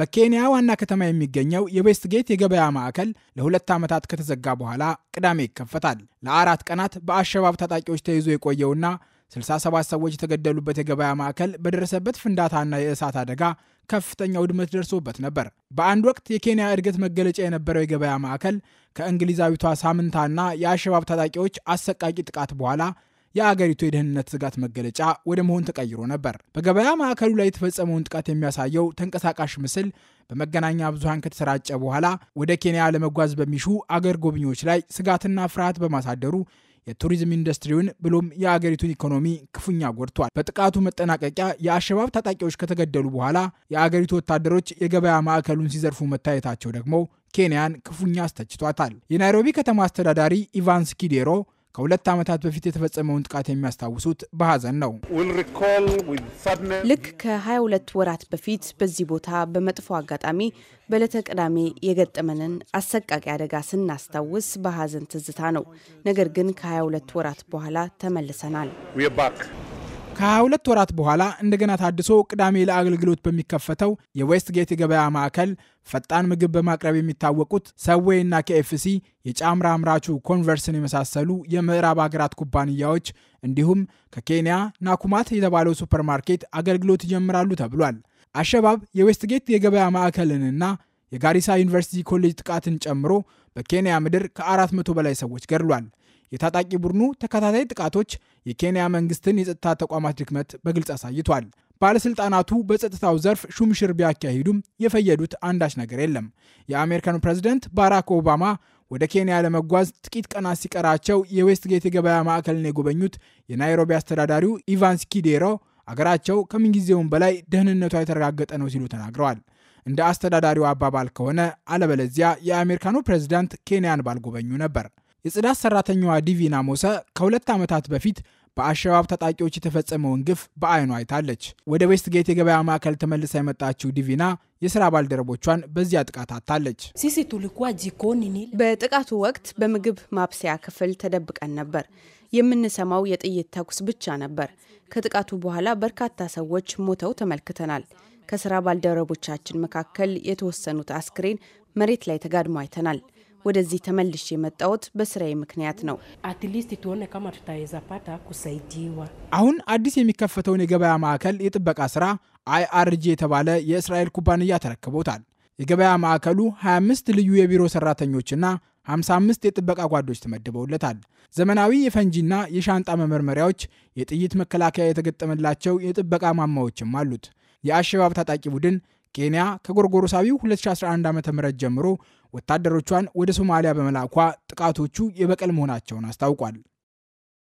በኬንያ ዋና ከተማ የሚገኘው የዌስትጌት የገበያ ማዕከል ለሁለት ዓመታት ከተዘጋ በኋላ ቅዳሜ ይከፈታል። ለአራት ቀናት በአሸባብ ታጣቂዎች ተይዞ የቆየውና 67 ሰዎች የተገደሉበት የገበያ ማዕከል በደረሰበት ፍንዳታና የእሳት አደጋ ከፍተኛ ውድመት ደርሶበት ነበር። በአንድ ወቅት የኬንያ እድገት መገለጫ የነበረው የገበያ ማዕከል ከእንግሊዛዊቷ ሳምንታና የአሸባብ ታጣቂዎች አሰቃቂ ጥቃት በኋላ የአገሪቱ የደህንነት ስጋት መገለጫ ወደ መሆን ተቀይሮ ነበር። በገበያ ማዕከሉ ላይ የተፈጸመውን ጥቃት የሚያሳየው ተንቀሳቃሽ ምስል በመገናኛ ብዙሃን ከተሰራጨ በኋላ ወደ ኬንያ ለመጓዝ በሚሹ አገር ጎብኚዎች ላይ ስጋትና ፍርሃት በማሳደሩ የቱሪዝም ኢንዱስትሪውን ብሎም የአገሪቱን ኢኮኖሚ ክፉኛ ጎድቷል። በጥቃቱ መጠናቀቂያ የአሸባብ ታጣቂዎች ከተገደሉ በኋላ የአገሪቱ ወታደሮች የገበያ ማዕከሉን ሲዘርፉ መታየታቸው ደግሞ ኬንያን ክፉኛ አስተችቷታል። የናይሮቢ ከተማ አስተዳዳሪ ኢቫንስ ኪዴሮ ከሁለት ዓመታት በፊት የተፈጸመውን ጥቃት የሚያስታውሱት በሐዘን ነው። ልክ ከ22 ወራት በፊት በዚህ ቦታ በመጥፎ አጋጣሚ በዕለተ ቅዳሜ የገጠመንን አሰቃቂ አደጋ ስናስታውስ በሐዘን ትዝታ ነው። ነገር ግን ከ22 ወራት በኋላ ተመልሰናል። ከ22 ወራት በኋላ እንደገና ታድሶ ቅዳሜ ለአገልግሎት በሚከፈተው የዌስት ጌት የገበያ ማዕከል ፈጣን ምግብ በማቅረብ የሚታወቁት ሰዌይ እና ኬኤፍሲ የጫምራ አምራቹ ኮንቨርስን የመሳሰሉ የምዕራብ ሀገራት ኩባንያዎች እንዲሁም ከኬንያ ናኩማት የተባለው ሱፐርማርኬት አገልግሎት ይጀምራሉ ተብሏል። አሸባብ የዌስት ጌት የገበያ ማዕከልንና የጋሪሳ ዩኒቨርሲቲ ኮሌጅ ጥቃትን ጨምሮ በኬንያ ምድር ከ400 በላይ ሰዎች ገድሏል። የታጣቂ ቡድኑ ተከታታይ ጥቃቶች የኬንያ መንግስትን የጸጥታ ተቋማት ድክመት በግልጽ አሳይቷል። ባለስልጣናቱ በጸጥታው ዘርፍ ሹምሽር ቢያካሂዱም የፈየዱት አንዳች ነገር የለም። የአሜሪካኑ ፕሬዚደንት ባራክ ኦባማ ወደ ኬንያ ለመጓዝ ጥቂት ቀናት ሲቀራቸው የዌስትጌት የገበያ ማዕከልን የጎበኙት የናይሮቢ አስተዳዳሪው ኢቫንስ ኪዴሮ አገራቸው ከምንጊዜውም በላይ ደህንነቷ የተረጋገጠ ነው ሲሉ ተናግረዋል። እንደ አስተዳዳሪው አባባል ከሆነ አለበለዚያ የአሜሪካኑ ፕሬዚዳንት ኬንያን ባልጎበኙ ነበር። የጽዳት ሰራተኛዋ ዲቪና ሞሰ ከሁለት ዓመታት በፊት በአሸባብ ታጣቂዎች የተፈጸመውን ግፍ በአይኗ አይታለች። ወደ ዌስትጌት የገበያ ማዕከል ተመልሳ የመጣችው ዲቪና የስራ ባልደረቦቿን በዚያ ጥቃት አታለች። በጥቃቱ ወቅት በምግብ ማብሰያ ክፍል ተደብቀን ነበር። የምንሰማው የጥይት ተኩስ ብቻ ነበር። ከጥቃቱ በኋላ በርካታ ሰዎች ሞተው ተመልክተናል። ከስራ ባልደረቦቻችን መካከል የተወሰኑት አስክሬን መሬት ላይ ተጋድሞ አይተናል። ወደዚህ ተመልሽ የመጣሁት በስራዬ ምክንያት ነው። አሁን አዲስ የሚከፈተውን የገበያ ማዕከል የጥበቃ ስራ አይአርጂ የተባለ የእስራኤል ኩባንያ ተረክቦታል። የገበያ ማዕከሉ 25 ልዩ የቢሮ ሰራተኞችና 55 የጥበቃ ጓዶች ተመድበውለታል። ዘመናዊ የፈንጂና የሻንጣ መመርመሪያዎች፣ የጥይት መከላከያ የተገጠመላቸው የጥበቃ ማማዎችም አሉት። የአሸባብ ታጣቂ ቡድን ኬንያ ከጎርጎሮሳዊው 2011 ዓ ም ጀምሮ ወታደሮቿን ወደ ሶማሊያ በመላኳ ጥቃቶቹ የበቀል መሆናቸውን አስታውቋል።